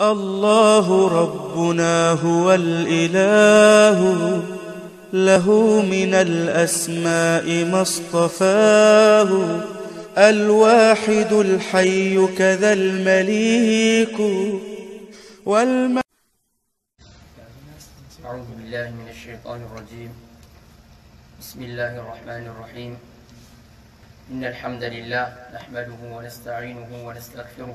الله ربنا هو الإله له من الأسماء ما اصطفاه الواحد الحي كذا المليك والم أعوذ بالله من الشيطان الرجيم بسم الله الرحمن الرحيم إن الحمد لله نحمده ونستعينه ونستغفره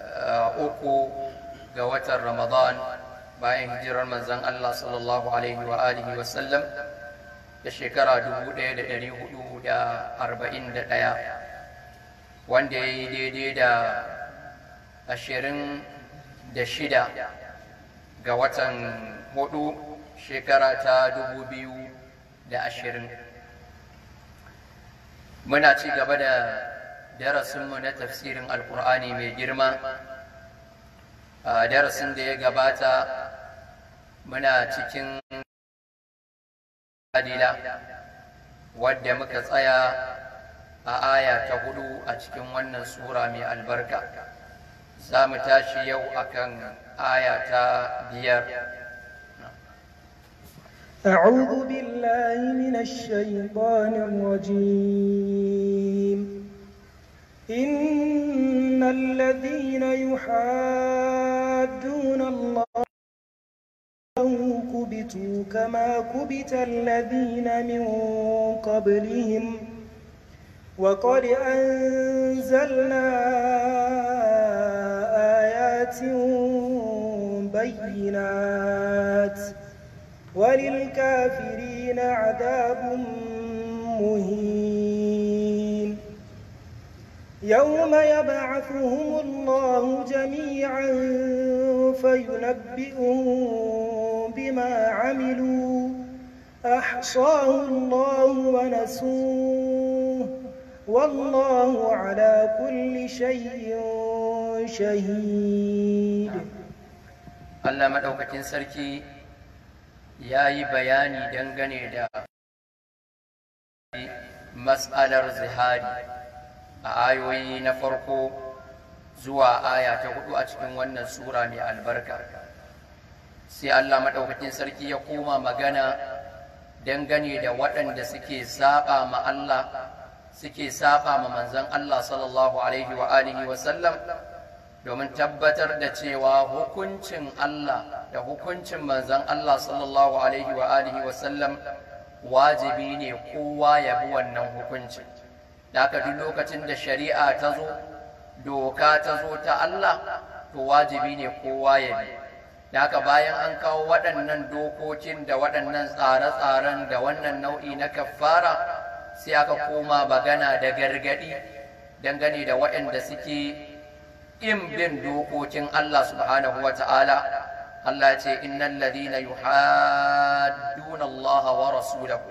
Uh, uku ga watan ramadan bayan hijirar manzan Allah sallallahu alaihi wa alihi wa sallam da shekara 1441 wanda ya yi daidai da 26 ga watan hudu shekara ta 2020 muna ci gaba da darasinmu na tafsirin alkur'ani mai girma a darasin da ya gabata muna cikin adila wadda muka tsaya a aya ta hudu a cikin wannan sura mai albarka za mu tashi yau akan aya ta biyar أعوذ بالله من الشيطان الرجيم إن الذين يحادون الله كبتوا كما كبت الذين من قبلهم وقد أنزلنا آيات بينات وللكافرين عذاب مهين يوم يبعثهم الله جميعا فينبئهم بما عملوا أحصاه الله ونسوه والله على كل شيء شهيد الله مدوكتين سركي yayi بياني dangane دا مسألة zihari a ayoyi na farko zuwa aya ta hudu a cikin wannan sura mai albarka sai Allah maɗaukakin sarki ya koma magana dangane da waɗanda suke saba ma Allah suke saba ma manzon Allah sallallahu alaihi wa alihi wa sallam domin tabbatar da cewa hukuncin Allah da hukuncin manzon Allah sallallahu alaihi wa alihi wa sallam wajibi ne kowa ya bi wannan hukuncin da aka duk lokacin da shari'a ta zo doka ta zo ta Allah to wajibi ne kowa ya bi da aka bayan an kawo waɗannan dokokin da waɗannan tsare-tsaren da wannan nau'i na kaffara sai aka koma bagana da gargaɗi dangane da waɗanda suke in bin dokokin Allah subhanahu wa ta'ala Allah ce innal ladina yuhadduna Allah wa rasulahu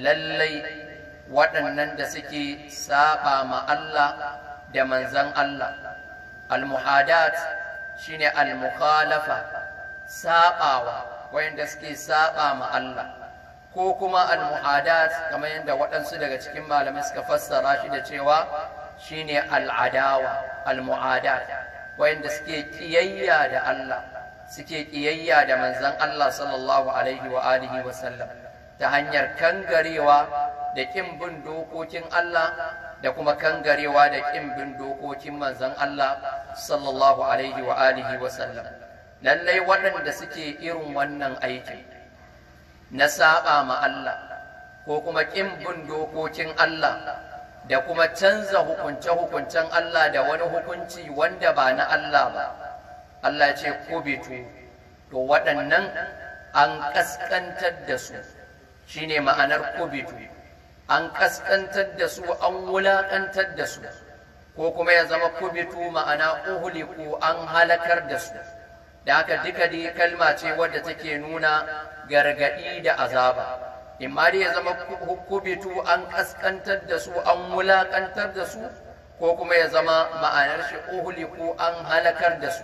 lallai waɗannan da suke saba ma Allah da manzan Allah al-muhadat shine al-mukhalafa sabawa wayanda suke saba ma Allah ko kuma al-muhadat kamar yadda waɗansu daga cikin malamai suka fassara shi da cewa shine al-adawa al-muadat wayanda suke kiyayya da Allah suke kiyayya da manzan Allah sallallahu alaihi wa alihi wa sallam ta hanyar kangarewa da kin bin dokokin Allah da kuma kangarewa da kin bin dokokin manzon Allah sallallahu alaihi wa alihi wa sallam lallai waɗanda suke irin wannan aikin na saba ma Allah ko kuma kin bin dokokin Allah da kuma canza hukunce-hukuncen Allah da wani hukunci wanda ba na Allah ba Allah ce kubitu to waɗannan an ƙasƙantar da su shine ma'anar kubitu an kaskantar da su an wulaƙantar da su ko kuma ya zama kubitu ma'ana uhuliku an halakar da su da haka duka dai kalma ce wadda take nuna gargaɗi da azaba ma dai ya zama kubitu an kaskantar da su an wulaƙantar da su ko kuma ya zama ma'anar shi uhuliku an halakar da su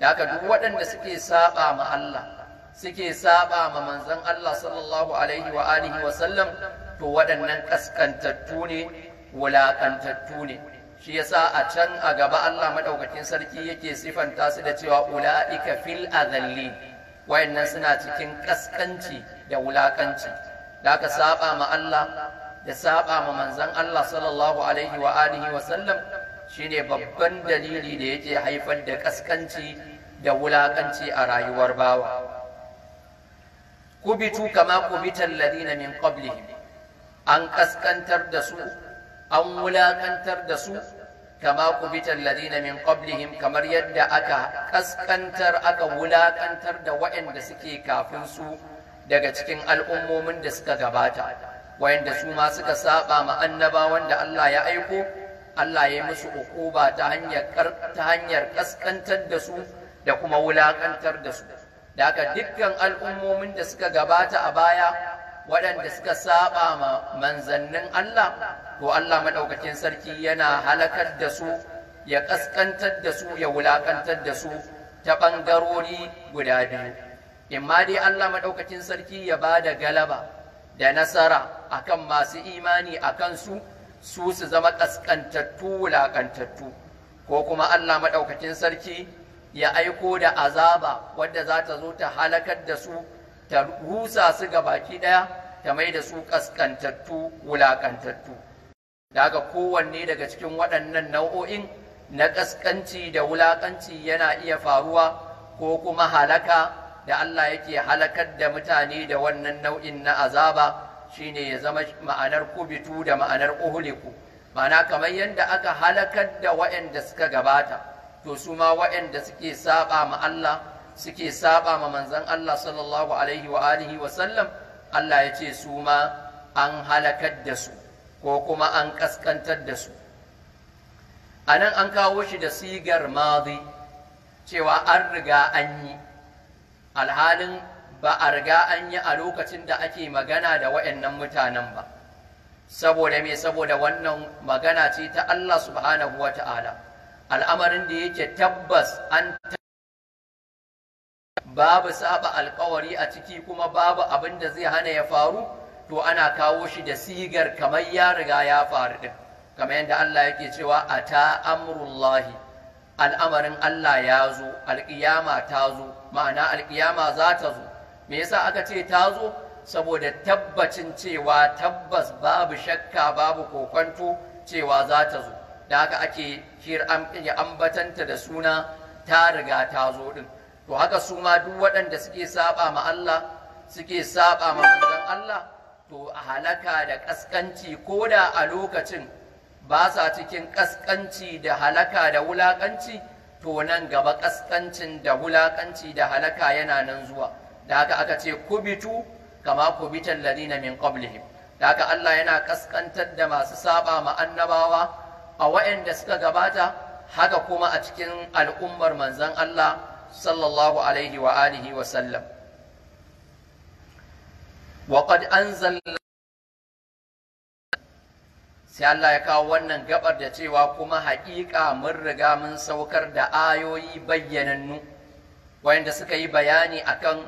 da haka duk waɗanda suke saba ma Allah suke saba ma manzon Allah sallallahu alaihi wa alihi wa sallam to waɗannan ƙaskantattu ne wulaƙantattu ne shi yasa a can a gaba Allah maɗaukakin sarki yake sifanta su da cewa ula'ika fil azalli wayannan suna cikin ƙaskanci da wulaƙanci da aka saba ma Allah da saba ma manzon Allah sallallahu alaihi wa alihi wa sallam shine babban dalili da yake haifar da ƙaskanci da wulaƙanci a rayuwar bawa kubitu kama kubitan ladina min qablihim an kaskantar da su an wulakantar da su kama kubitar ladina min qablihim kamar yadda aka kaskantar aka wulakantar da waɗanda suke kafin su daga cikin al'ummomin da suka gabata waɗanda su ma suka saba ma annabawan da Allah ya aiko Allah ya yi musu ukuba ta hanyar ta hanyar kaskantar da su da kuma wulakantar da su da haka dukkan al'ummomin da suka gabata a baya waɗanda suka saba ma manzannin Allah to Allah madaukakin sarki yana halakar da su ya ƙasƙantar da su ya wulaƙantar da su ta ɓangarori guda biyu imma dai Allah maɗaukacin sarki ya ba da galaba da nasara akan masu imani akan su su su zama ƙasƙantattu wulaƙantattu ko kuma Allah maɗaukacin sarki ya aiko da azaba wadda za ta zo ta halakar da su ta rusa su ga baki ɗaya ta mai da su ƙasƙantattu wulaƙantattu daga kowanne daga cikin waɗannan nau'o'in na ƙasƙanci da wulaƙanci yana iya faruwa ko kuma halaka da Allah yake halakar da mutane da wannan nau'in na azaba shine ya zama ma'anar kubitu da ma'anar uhuliku ma'ana kamar yadda aka halakar da waɗanda suka gabata to su ma waɗanda suke saba ma Allah suke saba ma manzan Allah sallallahu alaihi wa alihi wa sallam Allah ya ce su ma an halakar da su ko kuma an kaskantar da su a nan an kawo shi da sigar madi cewa an riga an yi alhalin ba a riga an yi a lokacin da ake magana da waɗannan mutanen ba saboda me saboda wannan magana ce ta Allah subhanahu wa al'amarin da yake tabbas an babu saba alkawari a ciki kuma babu abin da zai hana ya faru to ana kawo shi da sigar kamar ya riga ya faru din kamar yadda Allah yake cewa a ta al'amarin Allah ya zo alkiyama ta zo ma'ana alkiyama za ta zo me yasa aka ce ta zo saboda tabbacin cewa tabbas babu shakka babu kokwanto cewa za ta zo da haka ake ambatanta da suna ta riga ta zo din to haka su ma duk waɗanda suke saba ma Allah suke saba ma manzon Allah to a halaka da kaskanci ko da a lokacin ba sa cikin kaskanci da halaka da wulakanci to nan gaba kaskancin da wulakanci da halaka yana nan zuwa da haka aka ce kubitu kama kubitan ladina min qablihim da haka Allah yana kaskantar da masu saba ma annabawa a waɗanda suka gabata haka kuma a cikin al'ummar manzon Allah sallallahu alaihi wa alihi wa sallam wa qad anzalna sai Allah ya kawo wannan gabar da cewa kuma haƙiƙa mun riga mun saukar da ayoyi bayyanannu wayanda suka yi bayani akan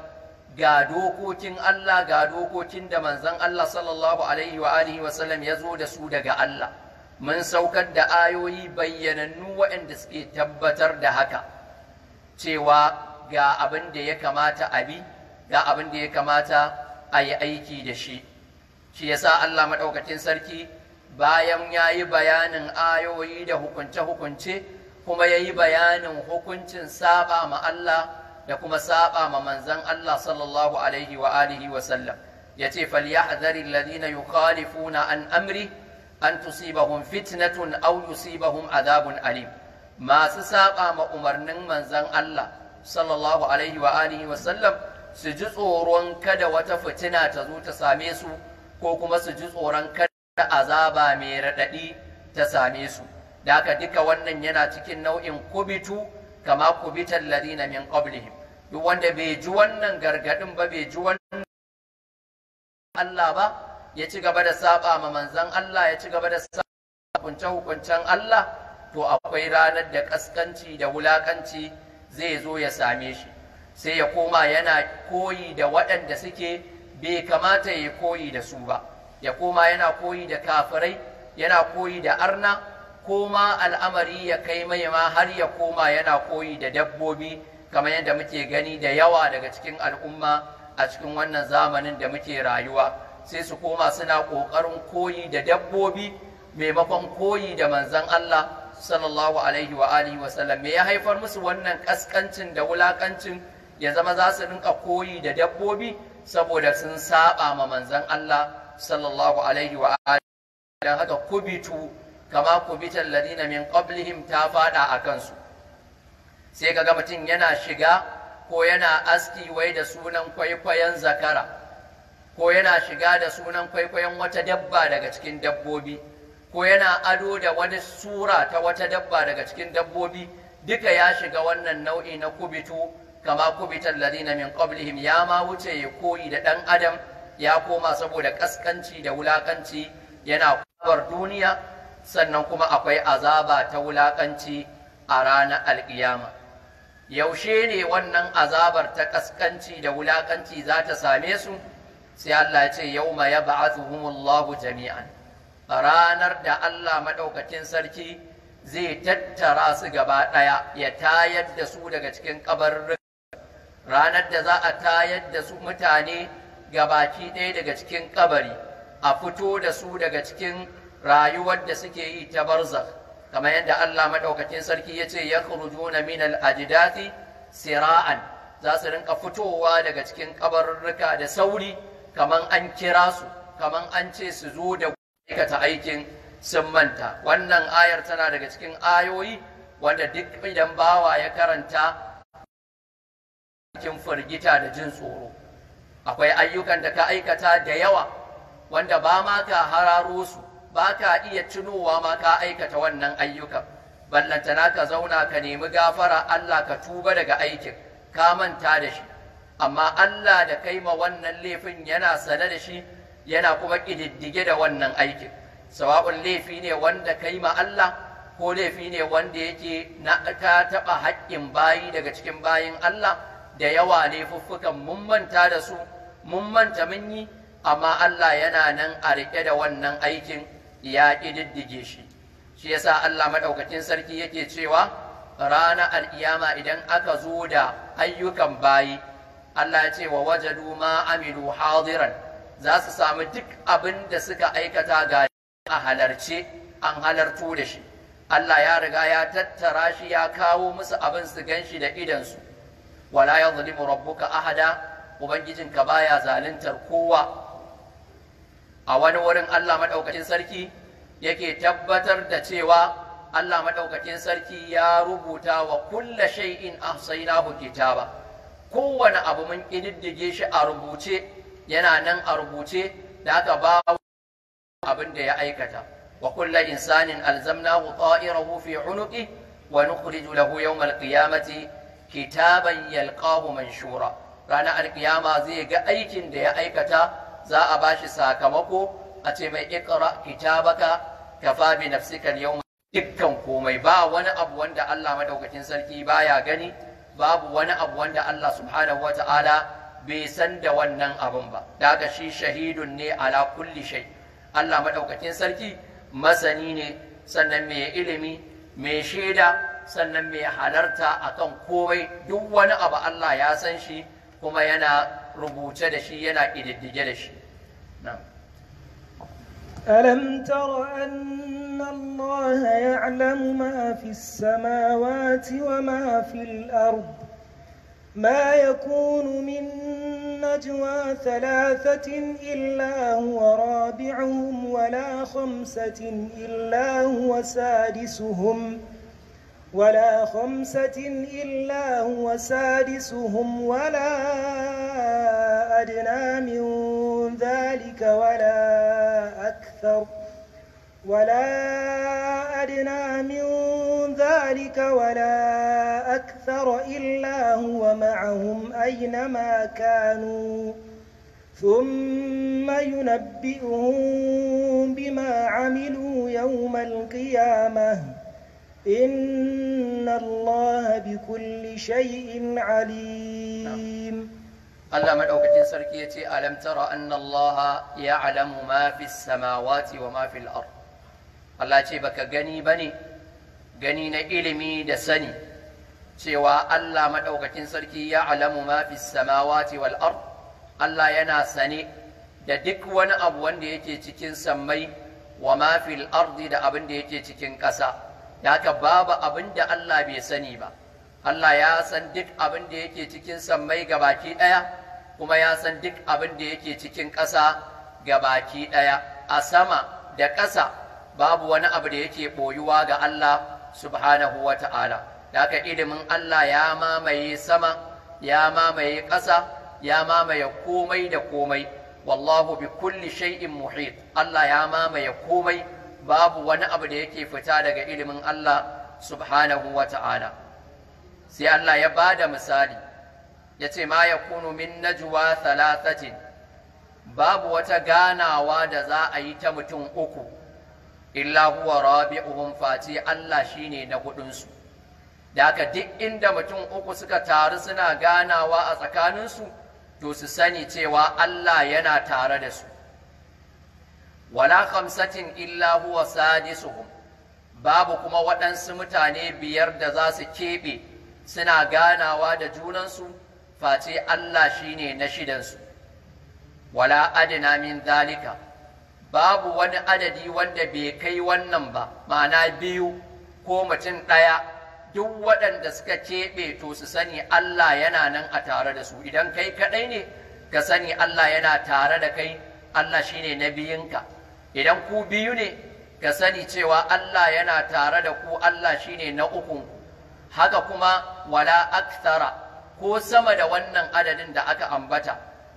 ga dokokin Allah ga dokokin da manzon Allah sallallahu alaihi wa alihi wa sallam ya zo da su daga Allah mun saukar da ayoyi bayyanannu wayanda suke tabbatar da haka cewa ga abin da ya kamata a bi ga abin da ya kamata a yi aiki da shi shi yasa Allah maɗaukacin sarki bayan ya yi bayanin ayoyi da hukunce-hukunce kuma ya yi bayanin hukuncin saba ma Allah da kuma saba ma manzan Allah sallallahu alaihi wa alihi wa sallam ya ce falyahdhari alladhina yukhalifuna an amri an tusibahum fitnatun aw yusibahum azabun alim masu saƙa ma umarnin manzan Allah sallallahu alaihi wa alihi wa sallam su ji tsoron kada wata fitina ta zo ta same su ko kuma su ji tsoron kada azaba mai raɗaɗi ta same su da haka duka wannan yana cikin nau'in kubitu kama kubitan ladina min qablihim duk wanda bai ji wannan gargadin ba bai ji wannan Allah ba ya ci gaba da saba ma manzan Allah ya ci gaba da saba hukunce hukuncen Allah to akwai ranar da kaskanci da wulakanci zai zo ya same shi sai ya koma yana koyi da waɗanda suke bai kamata ya koyi da su ba ya koma yana koyi da kafirai yana koyi da arna koma al'amari ya kai mai ma har ya koma yana koyi da dabbobi kamar yadda muke gani da yawa daga cikin al'umma a cikin wannan zamanin da muke rayuwa sai su koma suna ƙoƙarin koyi da dabbobi maimakon koyi da manzan Allah sallallahu alaihi wa alihi wa sallam me ya haifar musu wannan kaskancin da wulakancin ya zama za su rinka koyi da dabbobi saboda sun saba ma manzon Allah sallallahu alaihi wa alihi dan haka kubitu kama kubitan ladina min qablihim ta fada a kansu sai kaga mutum yana shiga ko yana aski wai da sunan kwaikwayon zakara ko yana shiga da sunan kwaikwayon wata dabba daga cikin dabbobi ko yana ado da wani sura ta wata dabba daga cikin dabbobi duka ya shiga wannan nau'i na kubitu kama kubitan ladina min qablihim ya ma wuce ya koyi da dan adam ya koma saboda kaskanci da wulakanci yana kwabar duniya sannan kuma akwai azaba ta wulakanci a ranar alkiyama yaushe ne wannan azabar ta kaskanci da wulakanci za ta same su sai Allah ya ce yauma ya ba'athuhumullahu jami'an ranar da Allah maɗaukacin sarki zai tattara su gaba ɗaya ya tayar da su daga cikin kabarin ranar da za a tayar da su mutane gabaki ɗaya daga cikin kabari a fito da su daga cikin rayuwar da suke yi ta barzakh kamar yadda Allah maɗaukacin sarki ya ce ya na min al sira'an za su rinka fitowa daga cikin kabarurruka da sauri kamar an kira su kamar an ce su zo da aikata aikin sun manta wannan ayar tana daga cikin ayoyi wanda duk idan bawa ya karanta cikin firgita da jin tsoro akwai ayyukan da ka aikata da yawa wanda ba ma ka hararo su ba ka iya tunowa ma ka aikata wannan ayyukan ballantana ka zauna ka nemi gafara Allah ka tuba daga aikin ka manta da shi amma Allah da kai ma wannan laifin yana sane da shi yana kuma ƙididdige da wannan aikin sawa'un laifi ne wanda kai ma Allah ko laifi ne wanda yake na ta taɓa haƙƙin bayi daga cikin bayin Allah da yawa ne fuffukan mun manta da su mun manta mun yi amma Allah yana nan a riƙe da wannan aikin ya ƙididdige shi shi yasa Allah maɗaukacin sarki yake cewa rana al'iyama idan aka zo da ayyukan bayi Allah ya ce wa wajadu ma amilu hadiran za su sami duk abin da suka aikata ga a halarci. an halartu da shi Allah ya riga ya tattara shi ya kawo musu abin su gan shi da idansu wala ya zulimu rabbuka ahada ubangijinka baya zaluntar kowa a wani wurin Allah maɗaukakin sarki yake tabbatar da cewa Allah maɗaukakin sarki ya rubuta wa kulla shay'in ahsaynahu kitaba kowane abu mun ƙididdige shi a rubuce yana nan a rubuce da aka ba abin da ya aikata wa kulla insanin alzamnahu hu fi unuqi wa nukhriju lahu yawm alqiyamati kitaban yalqahu manshura ranar alƙiyama zai ga aikin da ya aikata za a bashi sakamako a ce mai ikra kitabaka kafa bi nafsika yawm dukkan komai ba wani abu wanda Allah madaukakin sarki baya gani babu wani abu wanda Allah subhanahu wata'ala bai san da wannan abin ba da shi shahidun ne ala kulli shay Allah madaukakin sarki masani ne sannan mai ilimi mai shaida sannan mai halarta akan komai duk wani abu Allah ya san shi kuma yana rubuce da shi yana ƙididdige da shi ألم تر أن الله يعلم ما في السماوات وما في الأرض ما يكون من نجوى ثلاثة إلا هو رابعهم ولا خمسة إلا هو سادسهم ولا خمسة إلا هو سادسهم ولا أدنى من ذلك ولا أكثر ۖ ولا أدنى من ذلك ولا أكثر إلا هو معهم أينما كانوا ثم ينبئهم بما عملوا يوم القيامة إن الله بكل شيء عليم Allah madaukakin sarki yace ألم ترى أن الله يعلم ما في السماوات وما في الأرض Allah ce baka gani ba ne gani na ilimi da sani cewa Allah maɗaukakin sarki ya alamu ma fi samawati wal'ar Allah yana sane da duk wani abu wanda yake cikin sammai wa ma fil da abin da yake cikin ƙasa da haka babu abin da Allah bai sani ba Allah ya san duk abin da yake cikin sammai baki ɗaya kuma ya san duk abin da yake cikin ƙasa ga baki ɗaya a sama da ƙasa babu wani abu da yake boyuwa ga Allah subhanahu wa ta'ala daga ilimin Allah ya mamaye sama ya mamaye ƙasa ya mamaye komai da komai wallahu bi kulli shay'in muhit Allah ya mamaye komai babu wani abu da yake fita daga ilimin Allah subhanahu wa ta'ala sai Allah ya bada misali ya ce ma ya kunu min najwa thalathatin babu wata ganawa da za a yi ta mutum uku illa huwa rabi'uhum face Allah shine na hudunsu da ka duk inda mutum uku suka taru suna ganawa a tsakaninsu to su sani cewa Allah yana tare da su wala khamsatin illa huwa sadisuhum babu kuma waɗansu mutane biyar da za su keɓe suna ganawa da junansu face Allah shine na shidansu wala adina min zalika babu wani adadi wanda bai kai wannan ba ma'ana biyu ko mutum ɗaya duk waɗanda suka keɓe to su sani Allah yana nan a tare da su idan kai kaɗai ne ka sani Allah yana tare da kai Allah shi ne na biyinka idan ku biyu ne ka sani cewa Allah yana tare da ku Allah shi ne na ukun haka kuma wala aktara ko sama da wannan adadin da aka ambata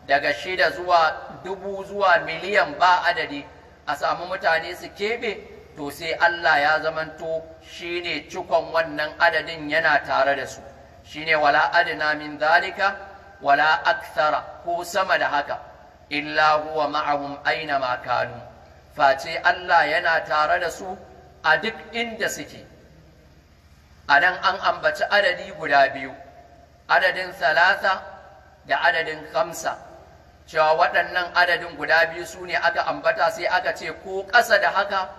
daga shida zuwa dubu zuwa miliyan ba adadi a samu mutane su keɓe to sai Allah ya zamanto shi ne cikon wannan adadin yana tare da su shi ne wala adina min zalika wala akthara ko sama da haka illa huwa ma'ahum aina ma kanu face Allah yana tare da su a duk inda suke a nan an ambaci adadi guda biyu adadin salasa da adadin kamsa cewa waɗannan adadin guda biyu su ne aka ambata sai aka ce ko ƙasa da haka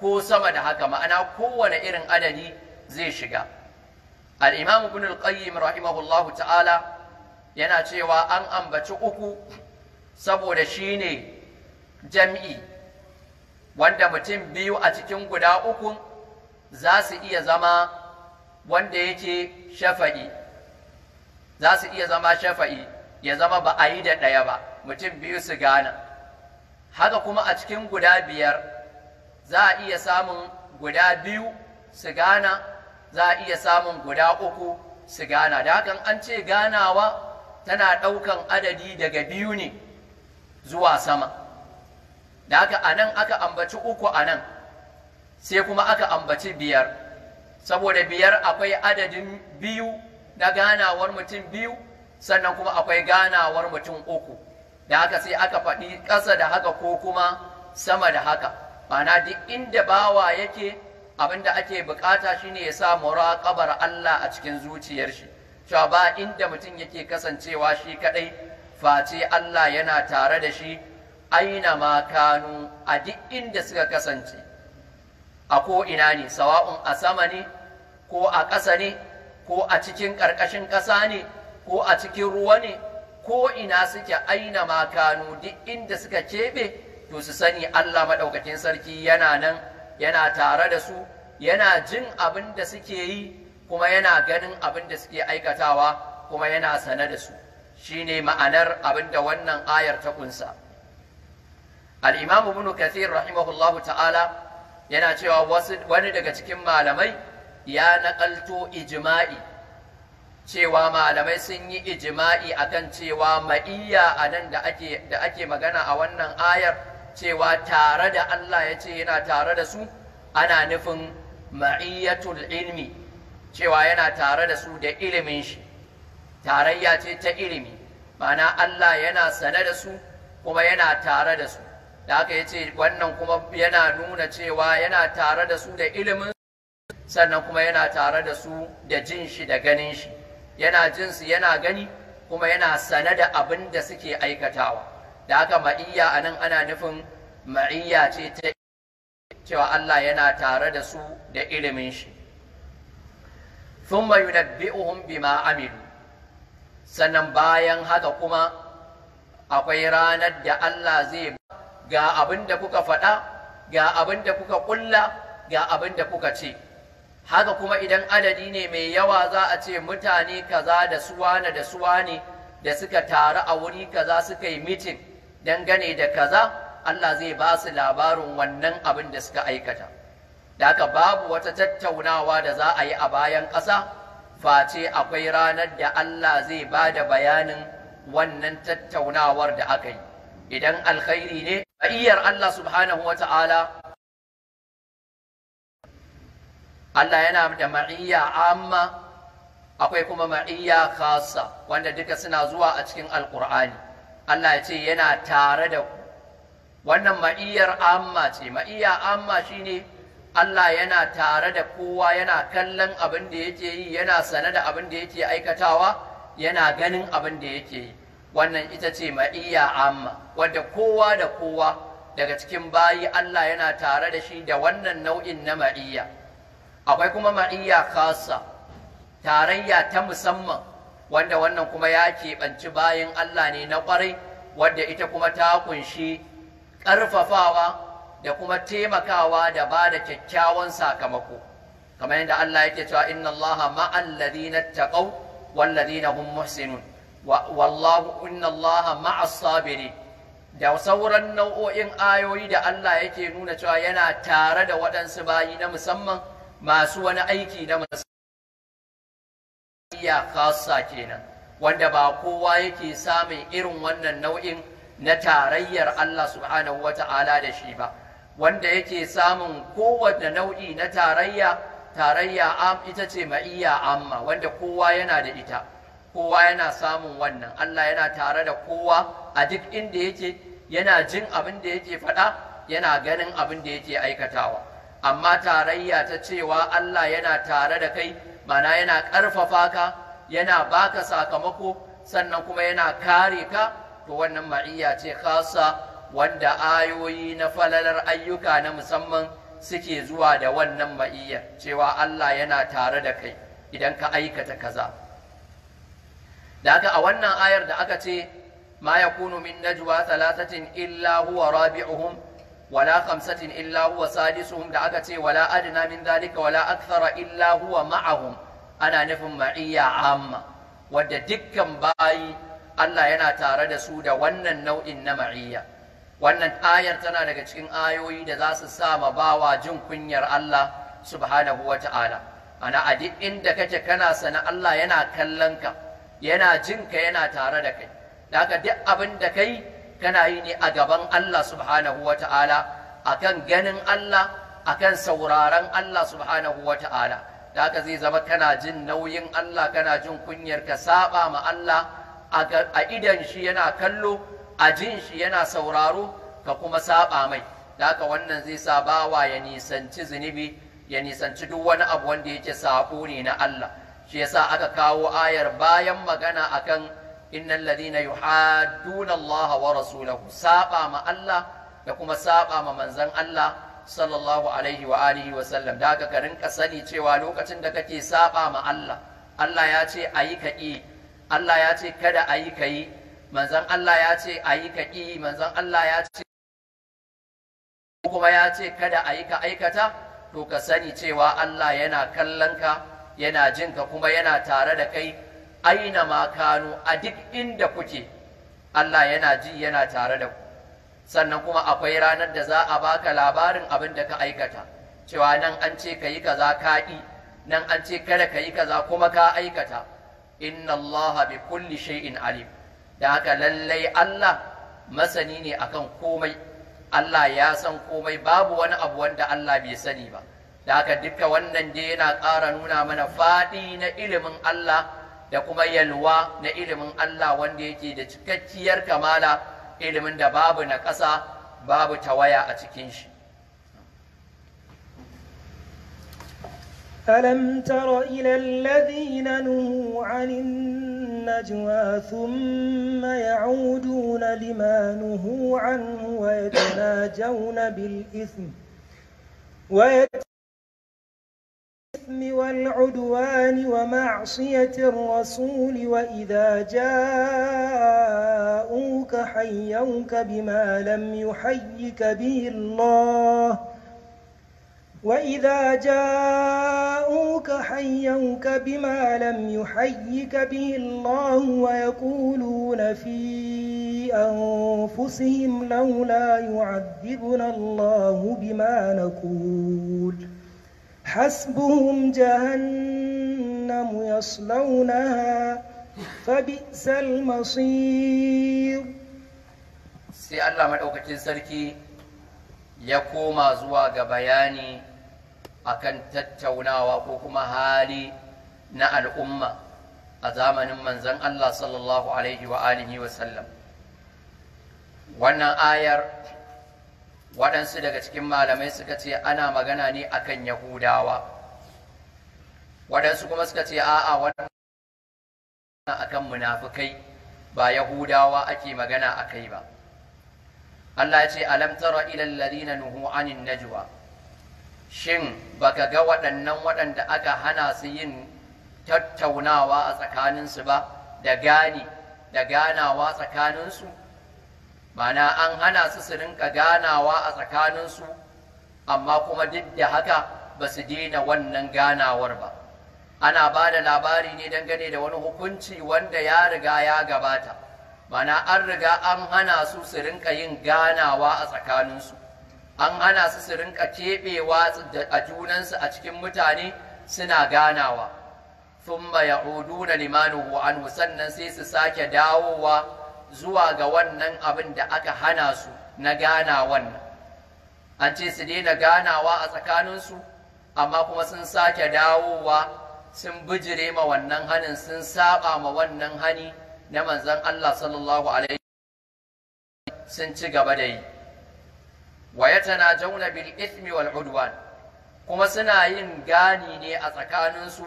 ko sama da haka ma'ana kowane irin adadi zai shiga al-imam ƙayyim rahimahullahu ta'ala yana cewa an ambaci uku saboda shine jam'i wanda mutum biyu a cikin guda uku za su iya zama wanda yake shafa'i za su iya zama shafa'i ya zama ba a yi da ɗaya ba mutum biyu su gana. haka kuma a cikin guda biyar za a iya samun guda biyu su gana za a iya samun guda uku su gana da hakan an ce ganawa tana ɗaukan adadi daga biyu ne zuwa sama da haka a nan aka ambaci uku a nan sai kuma aka ambaci biyar saboda biyar akwai adadin biyu na ganawar mutum biyu sannan kuma akwai ganawar mutum uku da haka sai aka faɗi ƙasa da haka ko kuma sama da haka ma'ana duk inda bawa yake abin da ake bukata shine ya sa muraqabar Allah a cikin zuciyar shi cewa ba inda mutum yake kasancewa shi kadai face Allah yana tare da shi aina ma kanu a duk inda suka kasance a ko ina ne sawa'un a sama ne ko a ƙasa ne ko a cikin ƙarƙashin ƙasa ne ko a cikin ruwa ne ko ina suke aina makanu duk inda suka keɓe to su sani Allah maɗaukakin sarki yana nan yana tare da su yana jin abin da suke yi kuma yana ganin abin da suke aikatawa kuma yana sane da su shine ma'anar abin da wannan ayar ta kunsa al imam ibn kathir rahimahullahu ta'ala yana cewa wani daga cikin malamai ya naƙalto ijma'i cewa malamai sun yi ijima'i kan cewa ma'iyya a nan da ake magana a wannan ayar cewa tare da Allah ya ce yana tare da su ana nufin ma'iyyatul ilmi cewa yana tare da su da ilimin shi tarayya ce ta ilimi ma'ana Allah yana sane da su kuma yana tare da su da haka ya ce wannan kuma yana nuna cewa yana tare da su da ilimin sannan kuma yana tare da su da jin shi da ganin shi yana jinsu yana gani kuma yana sane da abin da suke aikatawa da haka ma'iyya a nan ana nufin ma'iyya ce ta cewa Allah yana tare da su da ilimin shi thumma yunabbi'uhum bima amilu sannan bayan haka kuma akwai ranar da Allah zai ga abin da kuka faɗa ga abin da kuka ƙulla ga abin da kuka ce haka kuma idan adadi ne mai yawa za a ce mutane kaza da suwane da suwa ne da suka taru a wuri kaza suka yi mitin gane da kaza Allah zai ba su labarin wannan abin da suka aikata da haka babu wata tattaunawa da za a yi a bayan ƙasa face akwai ranar da Allah zai ba da bayanin wannan tattaunawar da aka yi idan alkhairi ne ba'iyar Allah subhanahu wa ta'ala Allah yana da ma'iyya amma akwai kuma ma'iyya khassa wanda duka suna zuwa a cikin alkur'ani Allah ya ce yana tare da ku wannan ma'iyyar amma ce ma'iyya amma shine Allah yana tare da kowa yana kallon abin da yake yi yana sane da abin da yake aikatawa yana ganin abin da yake yi wannan ita ce ma'iyya amma Wanda kowa da kowa daga cikin bayi Allah yana tare da shi da wannan nau'in na ma'iyya akwai kuma ma'iyya kasa tarayya ta musamman wanda wannan kuma ya keɓanci bayan Allah ne na ƙwarai wadda ita kuma ta kunshi ƙarfafawa da kuma taimakawa da ba da kyakkyawan sakamako kamar yadda Allah yake cewa inna Allah ma'al ladina taqaw wal ladina hum muhsinun wallahu inna Allah ma'as sabirin da sauran nau'o'in ayoyi da Allah yake nuna cewa yana tare da waɗansu bayi na musamman masu wani aiki na musamman kasa kenan wanda ba kowa yake samun irin wannan nau'in na tarayyar Allah subhanahu wata'ala da shi ba wanda yake samun kowanne nau'i na tarayya tarayya am ita ce ma'iyya amma wanda kowa yana da ita kowa yana samun wannan Allah yana tare da kowa a duk inda yake yana jin abin da yake faɗa yana ganin abin da yake aikatawa amma tarayya ta cewa Allah yana tare da kai mana yana ƙarfafa ka yana baka sakamako sannan kuma yana kare ka to wannan ma'iyya ce khasa wanda ayoyi na falalar ayyuka na musamman suke zuwa da wannan ma'iyya cewa Allah yana tare da kai idan ka aikata kaza da haka a wannan ayar da aka ce ma yakunu min najwa thalathatin illa huwa rabi'uhum wala khamsatin illa huwa sadisuhum da aka ce wala adna min zalika wala akthara illa huwa ma'ahum ana nufin ma'iyya amma wadda dukkan bayi Allah yana tare da su da wannan nau'in na ma'iyya wannan ayar tana daga cikin ayoyi da za su sa ma bawa jin kunyar Allah subhanahu ta'ala ana a duk inda kake kana sana Allah yana kallon ka yana jin ka yana tare da kai 'Daka duk abin da kai kana yi ne a gaban Allah subhanahu wa ta'ala a kan ganin Allah a kan sauraron Allah subhanahu wa ta'ala da haka zai zama kana jin nauyin Allah kana jin kunyar ka saba ma Allah a idan shi yana kallo a jin shi yana sauraro ka kuma saba mai da haka wannan zai sa bawa ya nisanci zunubi ya nisanci duk wani abu wanda yake sabo ne na Allah shi yasa aka kawo ayar bayan magana akan innal ladina yuhadduna Allah wa rasulahu saba ma Allah da kuma saɓa ma manzon Allah sallallahu alaihi wa alihi wa sallam da ka rinka sani cewa lokacin da kake saba ma Allah Allah ya ce ayi ka yi Allah ya ce kada ayi ka yi manzon Allah ya ce ayi ka yi manzon Allah ya ce kuma ya ce kada ayi ka aikata to ka sani cewa Allah yana kallon ka yana jinka kuma yana tare da kai aina ma kanu a duk inda kuke Allah yana ji yana tare da ku sannan kuma akwai ranar da za a baka labarin abin da ka aikata cewa nan an ce ka yi kaza ka yi nan an ce kada ka yi kaza kuma ka aikata inna Allah bi kulli shay'in alim da haka lallai Allah masani ne akan komai Allah ya san komai babu wani abu wanda Allah bai sani ba da haka duka wannan da yana ƙara nuna mana faɗi na ilimin Allah da kuma yalwa na ilimin Allah wanda yake da cikakkiyar kamala ilimin da babu na ƙasa babu tawaya a cikin shi ألم تر إلى الذين نهوا عن النجوى ثم يعودون لما نهوا عنه ويتناجون بالإثم ويت الإثم والعدوان ومعصية الرسول وإذا جاءوك حيوك بما لم يحيك به الله وإذا جاءوك حيوك بما لم يحيك به الله ويقولون في أنفسهم لولا يعذبنا الله بما نقول ۖ حسبهم جهنم يصلونها فبئس المصير sai Allah maɗaukakin sarki ya koma zuwa ga bayani akan tattaunawa ko kuma hali na al'umma a zamanin manzan Allah sallallahu alaihi wa alihi wa sallam wannan ayar waɗansu daga cikin malamai suka ce ana magana ne akan yahudawa waɗansu kuma suka ce a'a wannan kan munafukai ba yahudawa ake magana a kai ba Allah ya ce alam tara ila alladhina nuhu anin najwa shin baka ga waɗannan waɗanda aka hana su yin tattaunawa a tsakaninsu ba da gane da ganawa tsakaninsu mana an hana su su rinka ganawa a tsakaninsu amma kuma duk da haka ba su daina wannan ganawar ba ana ba da labari ne dangane da wani hukunci wanda ya riga ya gabata mana an riga an hana su su rinka yin ganawa a tsakaninsu an hana su su rinka keɓewa a junansu a cikin mutane suna ganawa thumma ya'uduna limanuhu anhu sannan sai su sake dawowa zuwa ga wannan abin da aka hana su na gana wannan an ce su daina ganawa a tsakaninsu amma kuma sun sake dawowa sun bijire ma wannan hanin sun saba ma wannan hani na manzan Allah sallallahu alaihi sun ci gaba da yi wa jauna bil ithmi wal udwan kuma suna yin gani ne a tsakaninsu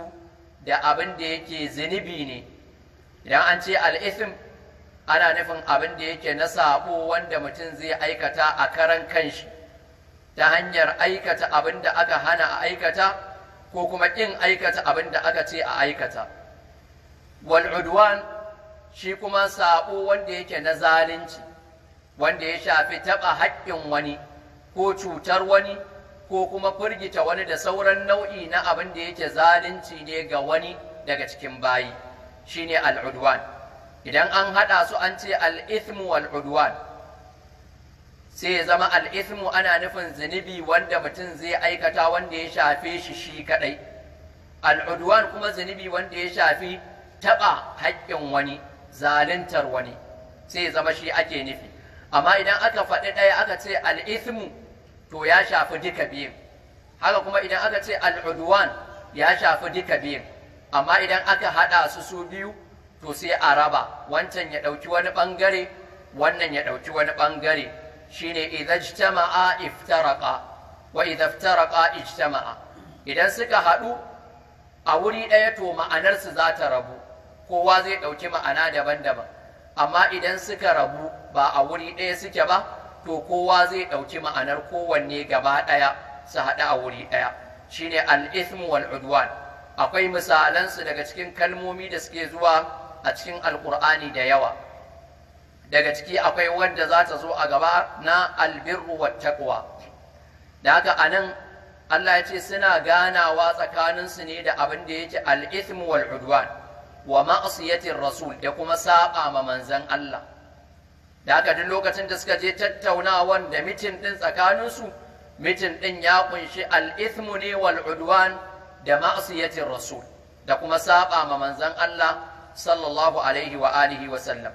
da abin da yake zunubi ne idan an ce al ithm ana nufin abin da yake na sabo wanda mutum zai aikata a karan kanshi ta hanyar aikata abin da aka hana a aikata ko kuma ƙin aikata abin da aka ce a aikata wal'udwan shi kuma sabo wanda yake na zalunci wanda ya shafi taɓa haƙƙin wani ko cutar wani ko kuma firgita wani da sauran nau'i na abin da yake zalunci ne ga wani daga cikin bayi shine al'udwan idan an haɗa su an ce al'ithmu wal sai ya zama al'ithmu ana nufin zunubi wanda mutum zai aikata wanda ya shafe shi shi kaɗai al'udwan kuma zunubi wanda ya shafi taɓa haƙƙin wani zaluntar wani sai ya zama shi ake nufi amma idan aka faɗi ɗaya aka ce al'ithmu to ya shafi duka biyun haka kuma idan aka ce al'udwan ya shafi duka biyun amma idan aka haɗa su su biyu to sai a raba wancan ya ɗauki wani ɓangare wannan ya ɗauki wani ɓangare shine idan ijtama'a iftaraka wa idan ijtama'a idan suka haɗu a wuri ɗaya to ma'anarsu za ta rabu kowa zai ɗauki ma'ana daban-daban amma idan suka rabu ba a wuri ɗaya suke ba to kowa zai ɗauki ma'anar kowanne gaba ɗaya su haɗu a wuri ɗaya shine al-ithmu wal udwan akwai misalansu daga cikin kalmomi da suke zuwa a cikin alkur'ani da yawa daga ciki akwai wanda za ta zo a gaba na albirru wa taqwa da haka anan Allah ya ce suna ganawa tsakaninsu ne da abin da yake al-ithmu wal udwan wa ma'siyatir rasul da kuma saba ma manzon Allah da haka duk lokacin da suka je tattaunawan da mitin din tsakaninsu mitin din ya kunshi al-ithmu ne wal udwan da ma'siyatir rasul da kuma saba ma manzan Allah sallallahu alaihi wa alihi wa sallam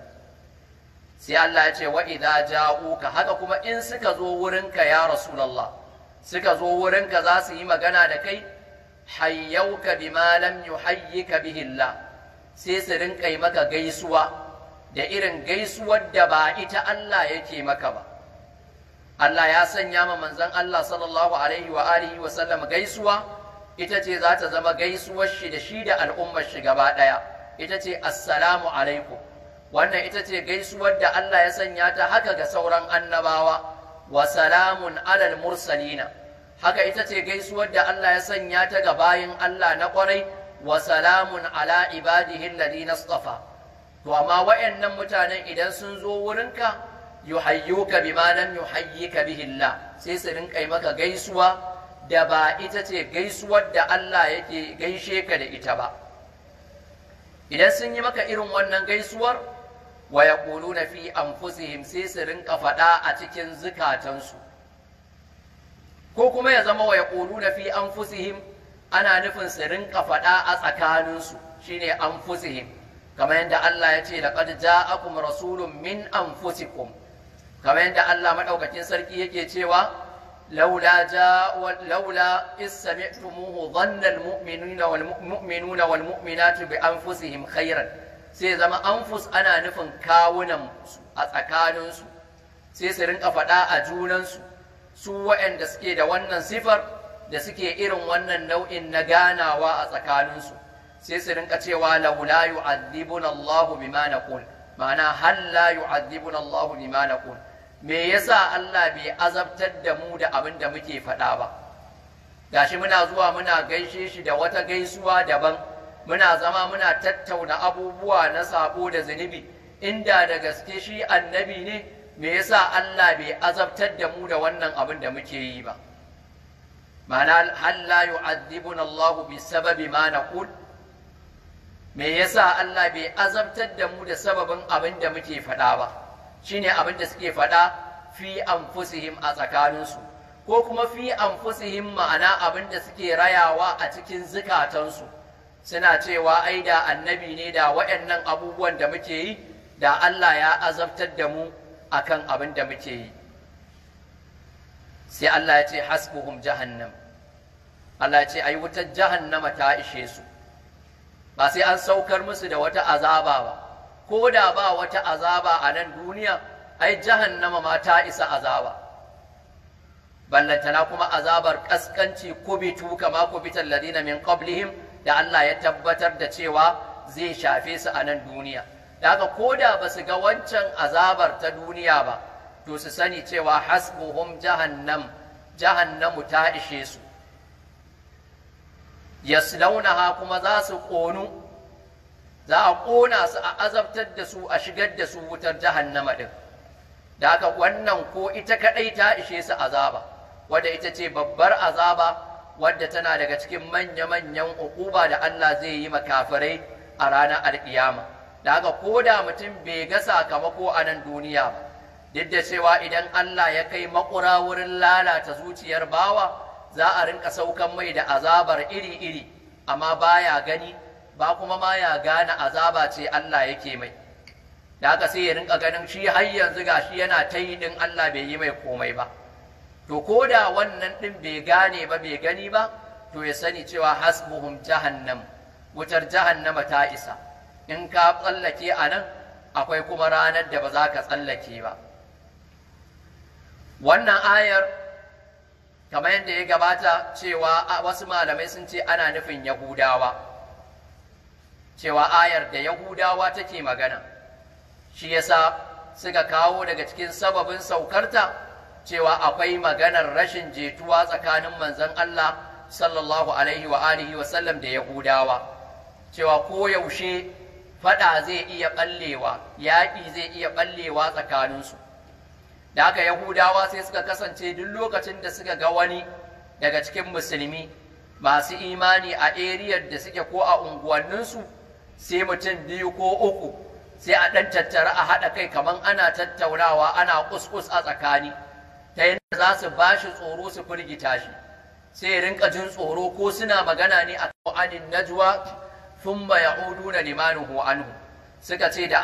sai Allah ya ce wa idza ja'uka haka kuma in suka zo wurinka ya rasulullah suka zo wurinka za su yi magana da kai hayyauka bima lam yuhayyika bihi Allah sai su rinka yi maka gaisuwa da irin gaisuwar da ba ita Allah yake maka ba Allah ya sanya ma manzon Allah sallallahu alaihi wa alihi wa sallam gaisuwa ita ce za ta zama gaisuwar shi da shi da al'ummar shi gaba ɗaya ita ce assalamu alaikum wannan ita ce gaisuwar da Allah ya sanya ta haka ga sauran annabawa wa salamun alal mursalina haka ita ce gaisuwar da Allah ya sanya ta ga bayin Allah na kwarai wa salamun ala ibadihi alladhina istafa to amma wayannan mutanen idan sun zo wurinka yuhayyuka bima lam yuhayyika bihi Allah sai su rinka yi maka gaisuwa da ba ita ce gaisuwar da Allah yake gaishe ka da ita ba idan sun yi maka irin wannan gaisuwar wa na fi an anfusihim sai su rinka faɗa a cikin zukatansu ko kuma ya zama wa na fi an anfusihim ana nufin su rinka faɗa a tsakaninsu shine anfusihim kamar yadda Allah ya ce laqad ja'akum rasulun min an anfusikum kamar yadda Allah maɗaukacin sarki yake cewa لولا جاء لولا إذ سمعتموه ظن المؤمنون والمؤمنون والمؤمنات بأنفسهم خيرا sai zama anfus ana nufin kawunan a tsakaninsu sai su rinka faɗa a junansu su waɗanda suke da wannan sifar da suke irin wannan nau'in na ganawa a tsakaninsu sai su rinka cewa laula yu'adhibuna Allahu bima naqul ma'ana hal la yu'adhibuna Allahu bima naqul me yasa Allah bai azabtar da mu da abin da muke faɗa ba gashi muna zuwa muna gaishe shi da wata gaisuwa daban muna zama muna tattauna abubuwa na sabo da zunubi inda da gaske shi annabi ne me yasa Allah bai azabtar da mu da wannan abin da muke yi ba ma'ana hal la yu'adhibuna Allahu bi sababi ma naqul me yasa Allah bai azabtar da mu da sababin abin da muke faɗa ba shine abin da suke faɗa fi anfusihim a tsakaninsu ko kuma fi anfusihim ma'ana abin da suke rayawa a cikin zukatansu suna cewa ai da annabi ne da waɗannan abubuwan da muke yi da Allah ya azabtar da mu akan abin da muke yi sai Allah ya ce hasbuhum jahannam Allah ya ce ai wutar jahannama ta ishe su ba sai an saukar musu da wata azaba ba ko da ba wata azaba a nan duniya ai jahannama ma ta isa azaba ballantana kuma azabar kaskanci kubitu kama kubitan ladina min qablihim da Allah ya tabbatar da cewa zai shafe su a nan duniya da haka ko da ba su ga wancan azabar ta duniya ba to su sani cewa hasbuhum jahannam jahannamu ta ishe su yaslaunaha kuma za su ƙonu za a ƙona su a azabtar da su a shigar da su wutar jahannama ɗin da haka wannan ko ita kaɗai ta ishe su azaba wadda ita ce babbar azaba wadda tana daga cikin manya-manyan uquba da Allah zai yi makafirai a ranar alƙiyama da haka ko da mutum bai ga sakamako a nan duniya ba duk da cewa idan Allah ya kai maƙura wurin lalata zuciyar bawa za a rinka saukan mai da azabar iri-iri amma baya gani ba kuma ma ya gane azaba ce Allah yake mai da ka sai ya rinka ganin shi har yanzu ga shi yana ta yi din Allah bai yi mai komai ba to ko da wannan din bai gane ba bai gani ba to ya sani cewa hasbuhum jahannam wutar jahannama ta isa in ka tsallake a nan akwai kuma ranar da ba za ka tsallake ba wannan ayar kamar yadda ya gabata cewa wasu malamai sun ce ana nufin yahudawa cewa ayar da yahudawa take magana shi yasa suka kawo daga cikin sababin saukarta cewa akwai maganar rashin jetuwa tsakanin manzon Allah sallallahu alaihi wa alihi wa sallam da yahudawa cewa ko yaushe fada zai iya ballewa yaƙi zai iya ballewa tsakaninsu da haka yahudawa sai suka kasance duk lokacin da suka ga wani daga cikin musulmi masu imani a eriyar da suke ko a unguwanninsu sai mutum biyu ko uku sai a ɗan tattara a haɗa kai kamar ana tattaunawa ana kuskus a tsakani ta yadda za su ba shi tsoro su firgita shi sai rinka jin tsoro ko suna magana ne a anin najwa hudu na limanuhu anhu suka ce da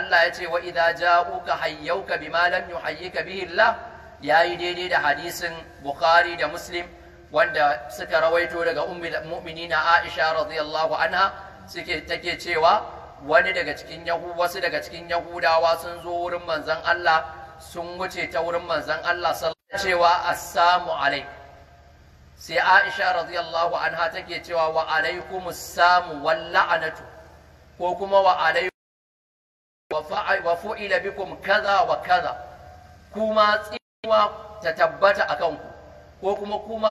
Allah ya ce wa idza ja'uka hayyauka bima lam yuhayyika bihi ya yayi daidai da hadisin Bukhari da Muslim wanda suka rawaito daga ummul mu'minina Aisha radiyallahu anha take cewa wani daga cikin wasu daga cikin yahudawa sun zo wurin manzan Allah sun wuce ta wurin manzan Allah sallallahu cewa samu alai sai Aisha radiyallahu anha take cewa wa alaikumus samu wal la'anatu ko kuma wa alaikum wa fu'ila bikum kaza wa kaza kuma tsinuwa ta tabbata akan ku ko kuma kuma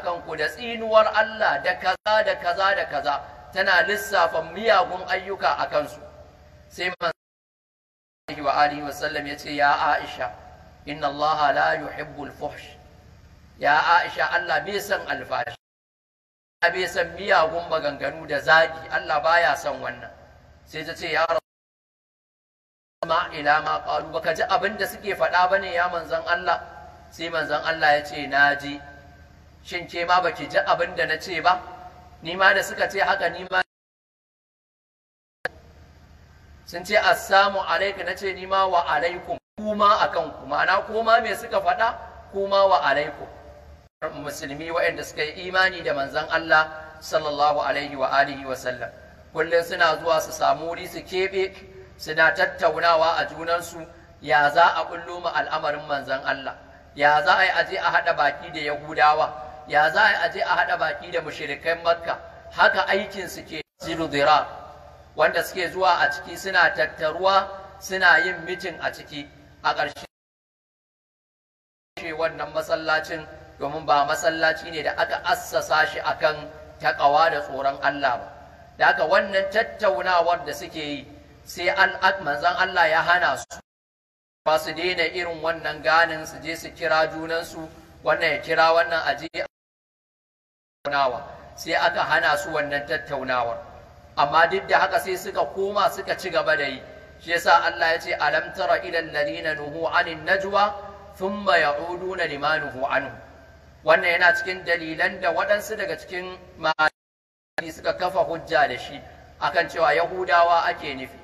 kanku da tsinuwar Allah da kaza da kaza da kaza tana lissafa miyagun ayyuka a kansu sai manzo wa alihi wa sallam yace ya Aisha inna Allah la yuhibbul fuhsh ya Aisha Allah bai san alfashi Allah bai san miyagun maganganu da zagi Allah baya son wannan sai ta ce ya ma ila ma qalu baka ji abin da suke faɗa bane ya manzon Allah sai manzon Allah yace ce naji shin ke ma baki ji abin da na ce ba ni ma da suka ce haka ni ma sun ce assamu alaika na ce ni ma wa alaikum kuma a kan ku na kuma me suka faɗa kuma wa alaikum musulmi waɗanda suka yi imani da manzan Allah sallallahu alaihi wa alihi wa sallam kullum suna zuwa su samu wuri su keɓe suna tattaunawa a junansu ya za a bullo ma al'amarin manzan Allah ya za a yi aje a haɗa baki da Yahudawa ya za a je a haɗa baki da mushrikan makka haka su ke ziludira wanda suke zuwa a ciki suna tattaruwa suna yin mitin a ciki a ƙarshe wannan masallacin domin ba masallaci ne da aka assasa shi akan takawa da tsoron Allah ba da haka wannan tattaunawar da suke yi sai manzan Allah ya hana su ba su daina irin wannan ganin su je su kira junansu wannan ya kira wannan aje tattaunawa sai aka hana su wannan tattaunawar amma duk da haka sai suka koma suka ci gaba da yi shi yasa Allah ya ce alam tara ila alladhina nuhu anin najwa thumma ya'uduna lima nuhu anhu wannan yana cikin dalilan da waɗansu daga cikin malamai suka kafa hujja da shi akan cewa yahudawa ake nufi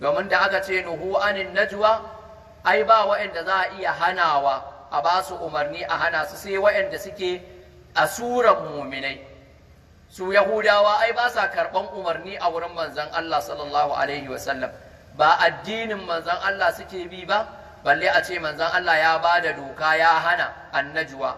domin da aka ce nuhu anin najwa ai ba wa'anda za a iya hanawa a ba su umarni a hana su sai waɗanda suke a surar muminai su yahudawa ai ba sa karɓan umarni a wurin manzan Allah sallallahu alaihi wasallam ba addinin manzan Allah suke bi ba balle a ce manzan Allah ya ba da doka ya hana annajuwa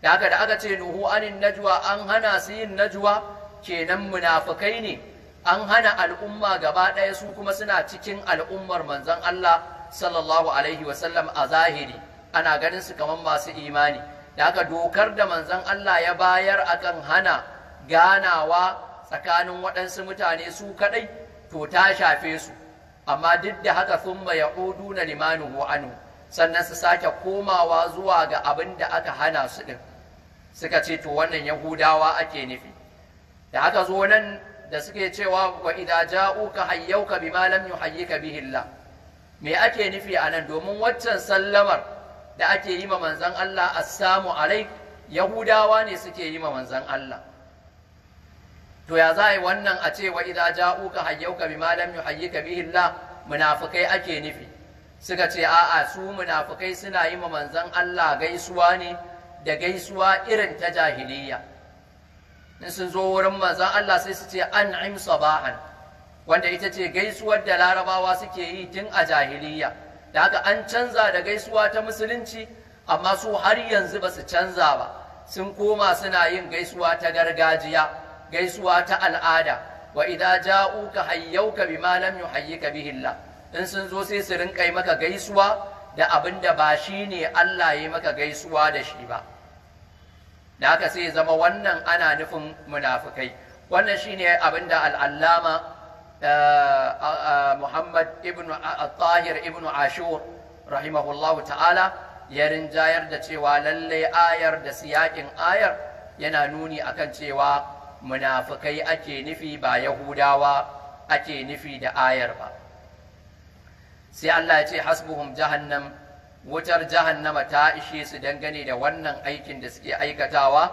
da haka da aka ce nuhu anin najwa an hana su yin najuwa? kenan munafukai ne an hana al'umma gaba ɗaya su kuma suna cikin al'ummar manzan Allah sallallahu alaihi wasallam a zahiri ana ganin su kamar masu imani da aka dokar da manzan Allah ya bayar akan hana ganawa tsakanin waɗansu mutane su kaɗai to ta shafe su amma duk da haka sun ya ƙudu na limanin wa'anu sannan su sake komawa zuwa ga abin da aka hana su ɗin suka ce to wannan yahudawa ake nufi da aka zo nan da suke cewa wa idza ja'uka hayyauka bima lam ka bihi Allah me ake nufi a nan domin waccan sallamar da ake yi ma manzan Allah a samu alaik yahudawa ne suke yi ma manzan Allah to ya za wannan a ce wa idza ja'uka hayyuka malam lam yuhayyika bihi Allah munafikai ake nufi suka ce a'a su munafukai suna yi ma manzan Allah gaisuwa ne da gaisuwa irin ta jahiliya in sun zo wurin manzan Allah sai su ce an an'im sabahan wanda ita ce gaisuwar da larabawa suke yi tun a jahiliya da haka an canza da gaisuwa ta musulunci amma su har yanzu ba su canza ba sun koma suna yin gaisuwa ta gargajiya gaisuwa ta al'ada wa idza ja'uka hayyauka bima lam yuhayyika bihi Allah in sun zo sai su rinkai maka gaisuwa da abin da ba shi ne Allah ya maka gaisuwa da shi ba da haka sai zama wannan ana nufin munafukai wannan shine abin da al'allama Muhammad ibn Tahir ibn Ashur rahimahullahu ta'ala ya rinjayar da cewa lalle ayar da siyakin ayar yana nuni akan cewa munafukai ake nufi ba Yahudawa ake nufi da ayar ba sai Allah ya ce hasbuhum jahannam wutar jahannama ta ishe su dangane da wannan aikin da suke aikatawa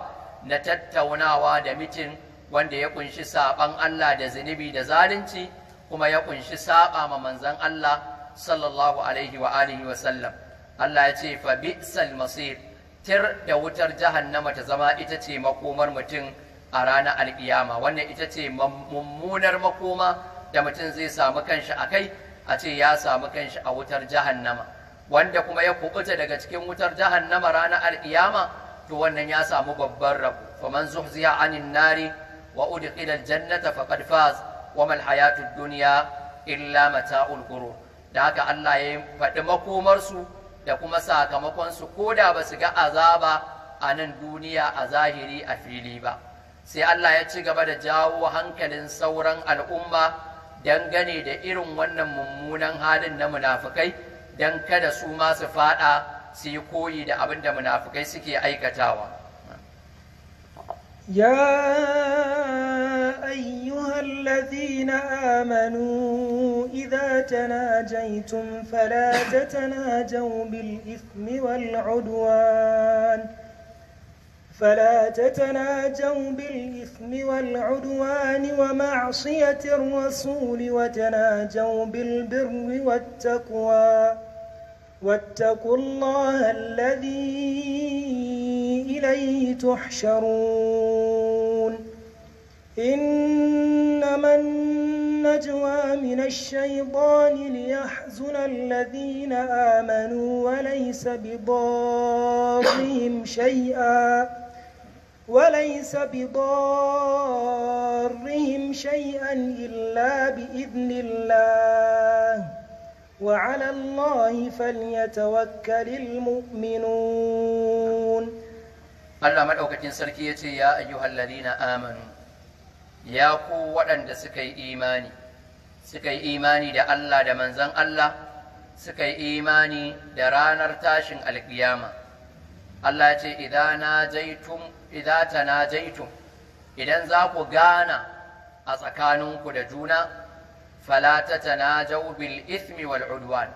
na tattaunawa da mitin wanda ya kunshi saban Allah da zunubi da zalunci kuma ya kunshi saba ma manzon Allah sallallahu alaihi wa alihi wa sallam Allah ya ce fa bi'sal masir tir da wutar jahannama ta zama ita ce makomar mutum a ranar alkiyama wannan ita ce mummunar makoma da mutum zai samu kanshi a kai a ce ya samu kanshi a wutar jahannama wanda kuma ya kubuta daga cikin wutar jahannama ranar alkiyama to wannan ya samu babban rabu faman zuhziya anin nari Wa'udu الجنة فقد فاز وما Hayatu, الدنيا إلا Mata, الغرور da haka Allah ya faɗi makomarsu da kuma sakamakonsu ko da ba su ga azaba a nan duniya a zahiri a fili ba sai Allah ya ci gaba da jawo hankalin sauran al'umma dangane da irin wannan mummunan halin na munafukai don kada su masu su faɗa su yi koyi da abin da munafukai suke aikatawa. يا أيها الذين آمنوا إذا تناجيتم فلا تتناجوا بالإثم والعدوان فلا تتناجوا بالإثم والعدوان ومعصية الرسول وتناجوا بالبر والتقوى واتقوا الله الذي إليه تحشرون إنما النجوى من الشيطان ليحزن الذين آمنوا وليس بضارهم شيئا وليس بضارهم شيئا إلا بإذن الله وعلى الله فليتوكل المؤمنون الله مدعوكتين سركيتي يا أيها الذين آمنوا يا قوة أن سكي إيماني سكي إيماني دا الله دا منزن الله سكي إيماني دا رانر تاشن القيامة الله يتي إذا ناجيتم إذا تناجيتم إذا زاقوا غانا أسكانونكو دا جونا fala tatanajaw bil ismi wal udwan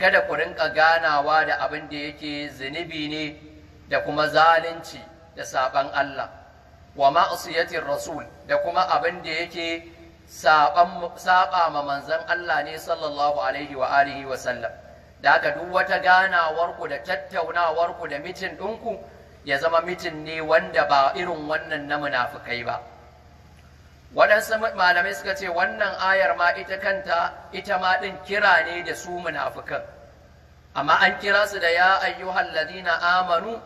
kada ku rinka ganawa da abin da yake zunubi ne da kuma zalunci da saban Allah wa ma'siyatir rasul da kuma abin da yake saba ma manzon Allah ne sallallahu alaihi wa alihi wa sallam da ka duk wata ganawarku da tattaunawarku da mitin ɗinku ya zama mitin ne wanda ba irin wannan na munafukai ba waɗansu malamai suka ce wannan ayar ma ita kanta ita ma ɗin kira ne da su munafukan amma an kira su da ya ayyuhal ladina amanu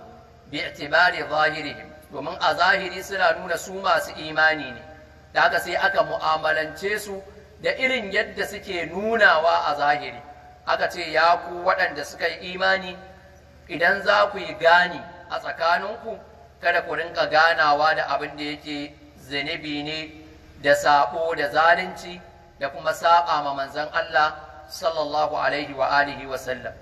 bi itibari zahirihim domin a zahiri suna nuna su masu imani ne da haka sai aka mu'amalance su da irin yadda suke nunawa a zahiri aka ce ya ku waɗanda suka yi imani idan za ku yi gani a tsakaninku kada ku rinka ganawa da abin da yake zunubi ne da saɓo da zalunci da kuma saɓa ma manzan Allah sallallahu alaihi wa alihi wa sallam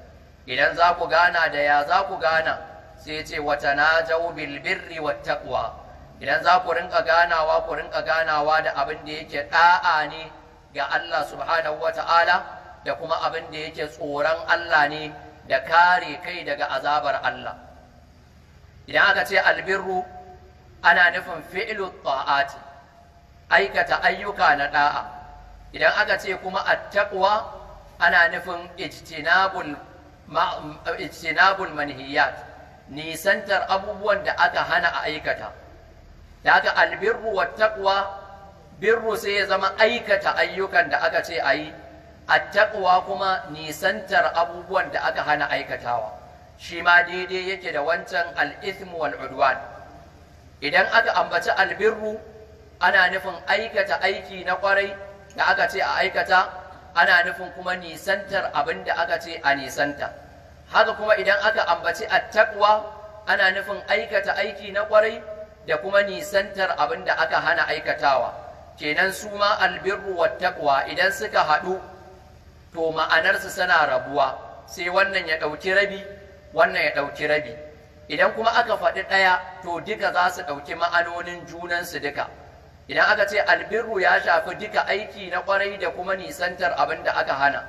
idan za ku gana da ya za ku gana sai ce wata na bil birri wa taqwa idan za ku rinka ganawa ku rinka ganawa da abin da yake ɗa'a ne ga Allah subhanahu wa ta'ala da kuma abin da yake tsoron Allah ne da kare kai daga azabar Allah idan aka ce albirru ana nufin fi'lu ta'ati aikata ayyuka na da'a idan aka ce kuma attaqwa ana nufin ijtinabul ijtinabul manhiyat nisantar abubuwan da aka hana a aikata da aka albirru wa taqwa birru sai ya zama aikata ayyukan da aka ce ayi attaqwa kuma nisantar abubuwan da aka hana aikatawa shi ma daidai yake da wancan al-ithm wal udwan idan aka ambaci albirru ana nufin aikata aiki na kwarai da aka ce a aikata ana nufin kuma nisantar abin da aka ce a nisanta haka kuma idan aka ambaci takwa ana nufin aikata aiki na kwarai da kuma nisantar abin da aka hana aikatawa kenan su ma albirru takwa idan suka haɗu to ma'anarsu suna rabuwa sai wannan ya ɗauki rabi wannan ya ɗauki rabi idan kuma aka faɗi ɗaya to duka za su ɗauki ma'anonin junansu duka idan aka ce albirru ya shafi duka aiki na kwarai da kuma nisantar abin da aka hana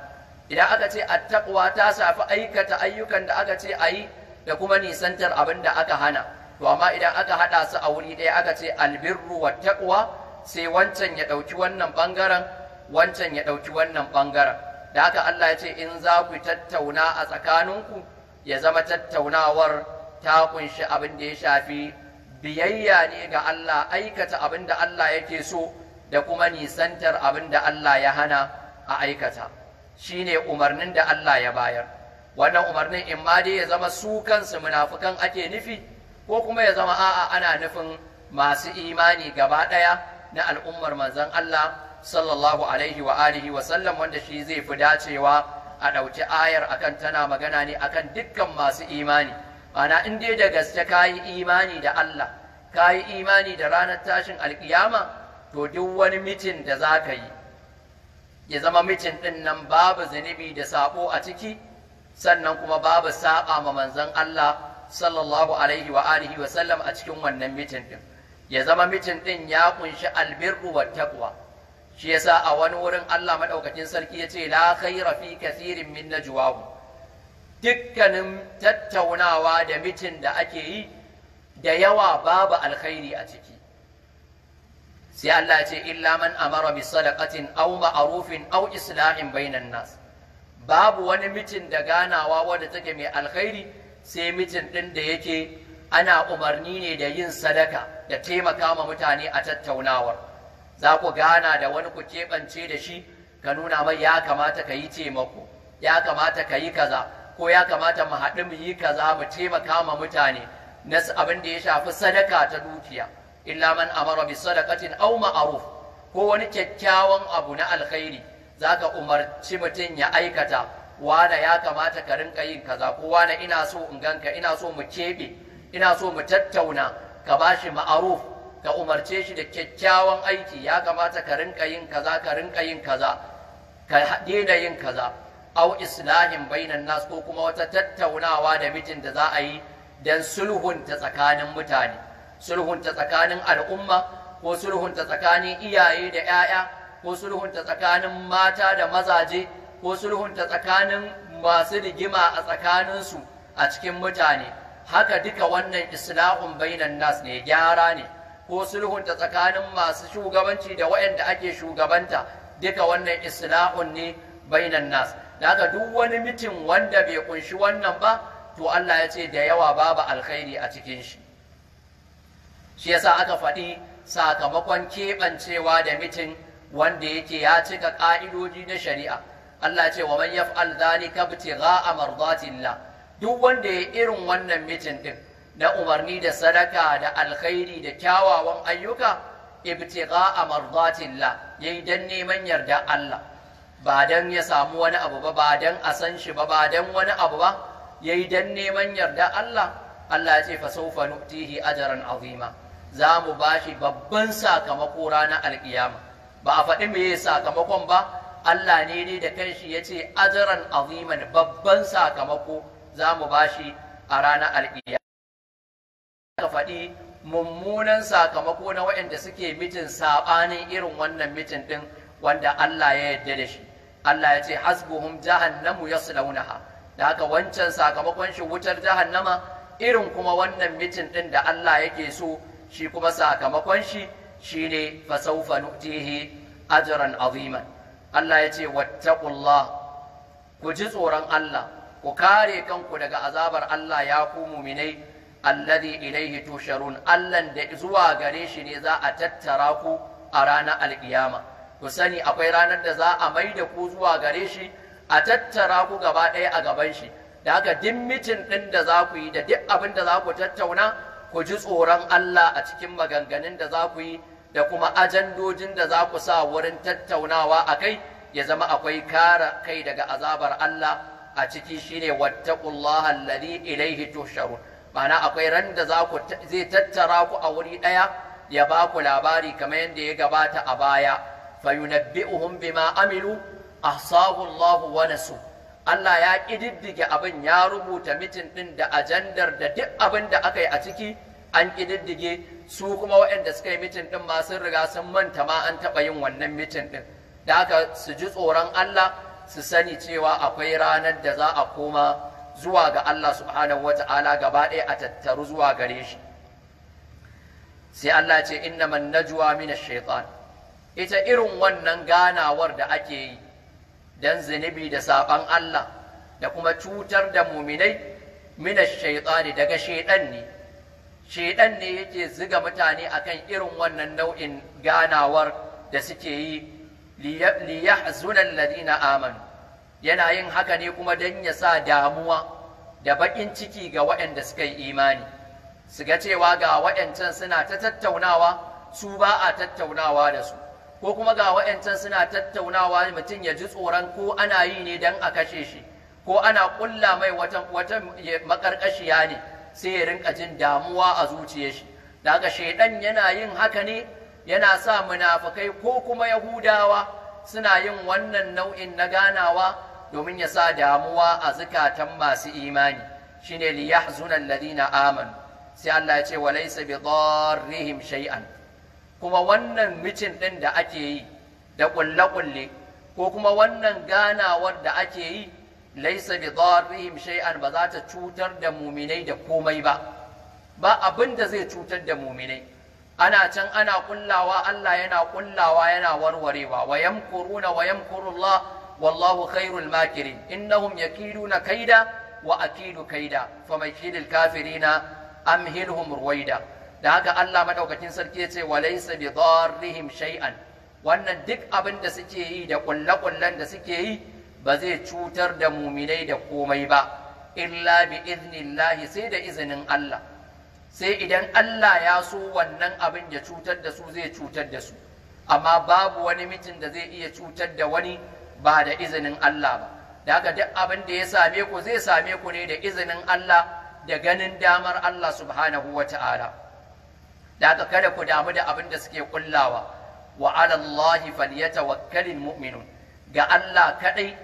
idan aka ce attaqwa ta shafi aikata ayyukan da aka ce ayi da kuma nisantar abin da aka hana to amma idan aka hada su a wuri ɗaya aka ce albirru wa taqwa sai wancan ya ɗauki wannan bangaren wancan ya ɗauki wannan bangaren da haka Allah ya ce in za ku tattauna a tsakaninku ya zama tattaunawar ta kunshi abin da ya shafi biyayya ne ga Allah aikata abin da Allah yake so da kuma nisantar abin da Allah ya hana a aikata Shi ne umarnin da Allah ya bayar wannan umarnin in ma dai ya zama su kansu munafukan ake nufi ko kuma ya zama a'a ana nufin masu imani gaba ɗaya na al'ummar manzon Allah sallallahu alaihi wa alihi wa sallam wanda shi zai fi dacewa a ɗauki ayar akan tana magana ne akan dukkan masu imani ana in dai da gaske ka yi imani da Allah ka yi imani da ranar tashin alkiyama to duk wani mitin da za ka yi ya zama mitin ɗin nan babu zunubi da saɓo a ciki sannan kuma babu saƙa ma manzon Allah sallallahu alaihi wa alihi wa sallam a cikin wannan mitin ɗin ya zama mitin ɗin ya kunshi albirru wa taqwa shi yasa a wani wurin Allah madaukakin sarki ya ce la khayra fi kathirin min najwahum dukkanin tattaunawa da mitin da ake yi da yawa babu alkhairi a ciki sai Allah ce illa man amara bi sadaqatin aw ma'rufin aw islahin bainan nas babu wani mitin da ganawa wanda take mai alkhairi sai mitin din da yake ana umarni ne da yin sadaka da taimaka ma mutane a tattaunawar za ku gana da wani ku keɓance da shi ka nuna mai ya kamata ka yi taimako ya kamata ka yi kaza ko ya kamata mu haɗu mu yi kaza mu taimaka ma mutane na abin da ya shafi sadaka ta dukiya illa man amara bi sadaqatin aw ma'ruf ko wani kyakkyawan abu na alkhairi zaka umarci mutum ya aikata wane ya kamata ka rinka yin kaza ko wane ina so in ganka ina so mu keɓe ina so mu tattauna ka bashi ma'ruf ka umarce shi da kyakkyawan aiki ya kamata ka rinka yin kaza ka rinka yin kaza ka daina yin kaza Au islahin bainan nas ko kuma wata tattaunawa da mijin da za a yi dan sulhunta tsakanin mutane sulhunta tsakanin al'umma ko sulhunta tsakanin iyaye da 'ya'ya ko sulhunta tsakanin mata da mazaje ko sulhunta tsakanin masu rigima a tsakaninsu a cikin mutane haka duka wannan islahun bainan nas ne gyara ne ko sulhunta tsakanin masu shugabanci da waɗanda ake shugabanta duka wannan islahun ne bainan nas daga duk wani mitin wanda bai kunshi wannan ba to Allah ya ce da yawa babu alkhairi a cikin shi shi yasa aka faɗi sakamakon keɓancewa da mitin wanda yake ya cika ƙa'idoji na shari'a Allah ce wa man yaf'al dhalika ibtigha'a mardatillah duk wanda ya irin wannan mitin din na umarni da sadaka da alkhairi da kyawawan ayyuka ibtigha'a mardatillah yayi dan neman yarda Allah ba dan ya samu wani abu ba ba dan a san shi ba ba dan wani abu ba yayi dan neman yarda Allah Allah ya ce fa sawfa nu'tihi ajran azima za mu bashi babban sakamako ranar alkiyama ba a faɗi meye sakamakon ba Allah ne ne da kanshi ya ce ajran aziman babban sakamako za mu shi a ranar alkiyama ka faɗi mummunan sakamako na waɗanda suke mitin saɓanin irin wannan mitin ɗin wanda Allah ya yarda da shi Allah ya ce hasbuhum jahannamu yaslaunaha da haka wancan sakamakon shi wutar jahannama irin kuma wannan mitin din da Allah yake so shi kuma sakamakon shi shine fasawfa nu'tihi ajran aziman Allah ya ce wattaqullah ku ji tsoron Allah ku kare kanku daga azabar Allah ya ku muminai alladhi ilaihi tusharun Allah da zuwa gare shi ne za a tattara ku a ranar alkiyama ku sani akwai ranar da za a mai da ku zuwa gare shi a tattara ku gaba ɗaya a gaban shi da haka duk mitin ɗin da za ku yi da duk abin da za ku tattauna ku ji tsoron Allah a cikin maganganun da za ku yi da kuma ajandojin da za ku sa wurin tattaunawa a kai ya zama akwai kara kai daga azabar Allah a ciki shine wattaqullaha alladhi ilayhi tusharun Mana akwai ran da za ku zai tattara ku a wuri ɗaya ya ba ku labari kamar yadda ya gabata a baya fayunabbi'uhum bima amilu ahsahu Allahu wa nasu Allah ya ƙididdige abin ya rubuta mitin ɗin da ajandar da duk abin da aka yi a ciki an ƙididdige su kuma waɗanda suka yi mitin ɗin ma sun riga sun manta ma an taɓa yin wannan mitin ɗin da haka su ji tsoron Allah su sani cewa akwai ranar da za a koma zuwa ga Allah subhanahu wa ta'ala gaba ɗaya a tattaru zuwa gare shi sai Allah ce innaman najwa min ita irin wannan ganawar da ake yi don zunubi da saɓan Allah da kuma cutar da muminai mina shaitani daga shaiɗan ne Shaidan ne yake ziga mutane akan irin wannan nau'in ganawar da suke yi liyahzunan ladina amanu yana yin haka ne kuma don ya sa damuwa da baƙin ciki ga waɗanda suka yi imani su ga cewa ga waɗancan suna ta tattaunawa su ba a tattaunawa da su ko kuma ga wa'yancan suna tattaunawa mutum ya ji tsoron ko ana yi ne don a kashe shi ko ana ƙulla mai wata makarƙashiya ne sai ya rinka jin damuwa a zuciyar shi da shaidan yana yin haka ne yana sa munafukai ko kuma yahudawa suna yin wannan nau'in na ganawa domin ya sa damuwa a zukatan masu imani shine liyahzunan Ladina amanu sai Allah ya ce walaysa bi darrihim shay'an kuma wannan mitin ɗin da ake yi da ƙulle-ƙulle ko kuma wannan ganawar da ake yi laisa bi darrihim shay'an ba za ta cutar da muminai da komai ba ba abin da zai cutar da muminai ana can ana kullawa Allah yana kullawa yana warwarewa wa yamkuruna wa yamkurullah wallahu khairul makirin innahum yakiduna kaida wa akidu kaida fa makidil kafirina amhilhum ruwaida da haka Allah madaukakin sarki ya ce walaysa bi darrihim shay'an wannan duk abin da suke yi da kullakullan da suke yi ba zai cutar da muminai da komai ba illa bi iznillahi sai da izinin Allah sai idan Allah ya so wannan abin ya cutar da su zai cutar da su amma babu wani mutum da zai iya cutar da wani ba da izinin Allah ba da haka duk abin da ya same ku zai same ku ne da izinin Allah da ganin damar Allah subhanahu wa da haka kada ku damu da abin da suke kullawa wa ala Allah falyatawakkalul mu'minun ga Allah kadai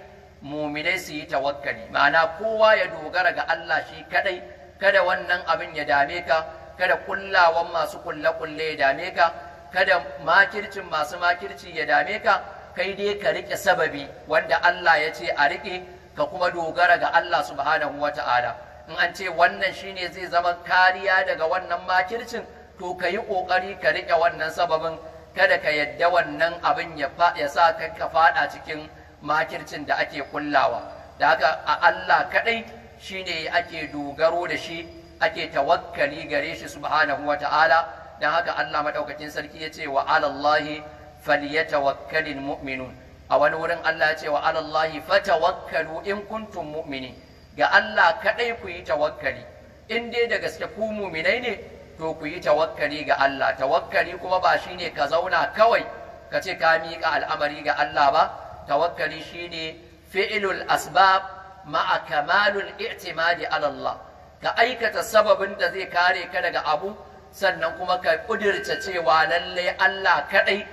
mu'minai su yi tawakkali ma'ana kowa ya dogara ga Allah shi kadai kada wannan abin ya dame ka kada kullawan masu kulle kulle ya dame ka kada makircin masu makirci ya dame ka kai dai ka rike sababi wanda Allah ya ce a rike ka kuma dogara ga Allah subhanahu wata'ala in an ce wannan shine zai zama kariya daga wannan makircin to ka yi ƙoƙari ka riƙe wannan sababin kada ka yadda wannan abin ya sa ka ka faɗa cikin makircin da ake kullawa da haka a Allah kaɗai shi ne ake dogaro da shi ake tawakkali gare shi subhanahu wa ta'ala don haka Allah maɗaukacin sarki ya ce wa alallahi falyatawakkalil mu'minun a wani wurin Allah ya ce wa alallahi fatawakkalu in kuntum mu'mini ga Allah kaɗai ku yi tawakkali in dai da gaske ku mu'minai ne to ku yi tawakkali ga Allah tawakkali kuma ba shine ka zauna kawai ka ce ka miƙa al'amari ga Allah ba tawakkali shine fi'ilul asbab ma'a kamalul i'timadi Allah ka aikata sababin da zai kare ka daga abu sannan kuma ka kudirce cewa lalle Allah shi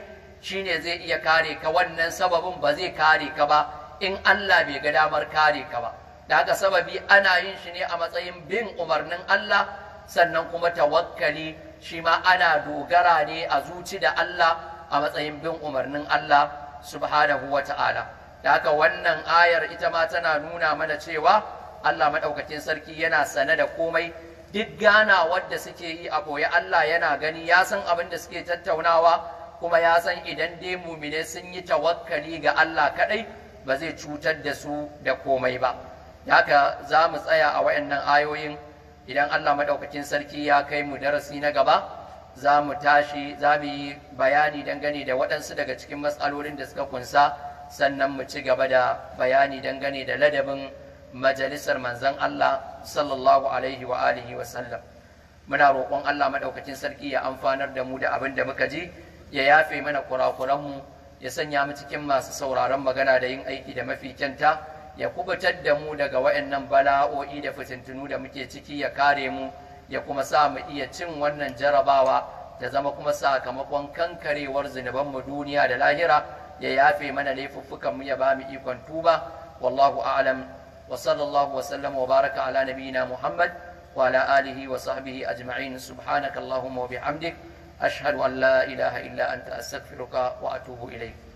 shine zai iya kare ka wannan sababin ba zai kare ka ba in Allah bai ga damar kare ka ba da haka sababi ana yin shi ne a matsayin bin umarnin Allah sannan kuma tawakkali shi ma ana dogara ne a zuci da Allah a matsayin bin umarnin Allah subhanahu wa ta'ala da haka wannan ayar ita ma tana nuna mana cewa Allah maɗaukakin sarki yana sane da komai duk gana wadda suke yi a koyi Allah yana gani ya san abin da suke tattaunawa kuma ya san idan dai mumine sun yi tawakkali ga Allah kaɗai ba zai cutar da su da komai ba. haka za mu tsaya a waɗannan ayoyin idan Allah madaukakin sarki ya kai mu darasi na gaba za mu tashi za mu yi bayani dangane da waɗansu daga cikin matsalolin da suka kunsa sannan mu ci gaba da bayani dangane da ladabin majalisar manzan Allah sallallahu alaihi wa alihi wa sallam muna roƙon Allah madaukakin sarki ya amfanar da mu da abin da muka ji ya yafe mana kurakuranmu ya sanya mu cikin masu sauraron magana da yin aiki da mafi kyanta ya kubutar da mu daga waɗannan bala'o'i da fitintunu da muke ciki ya kare mu ya kuma sa mu iya cin wannan jarabawa ta zama kuma sakamakon kankarewar mu duniya da lahira ya yafe mana mu ya ba mu ikon tuba wallahu a'lam wa sallallahu wa sallam wa baraka ala nabiyina muhammad wa ala alihi wa sahbihi ajma'in subhanakallahumma wa bihamdik ashhadu an la ilaha illa anta astaghfiruka wa atubu ilayk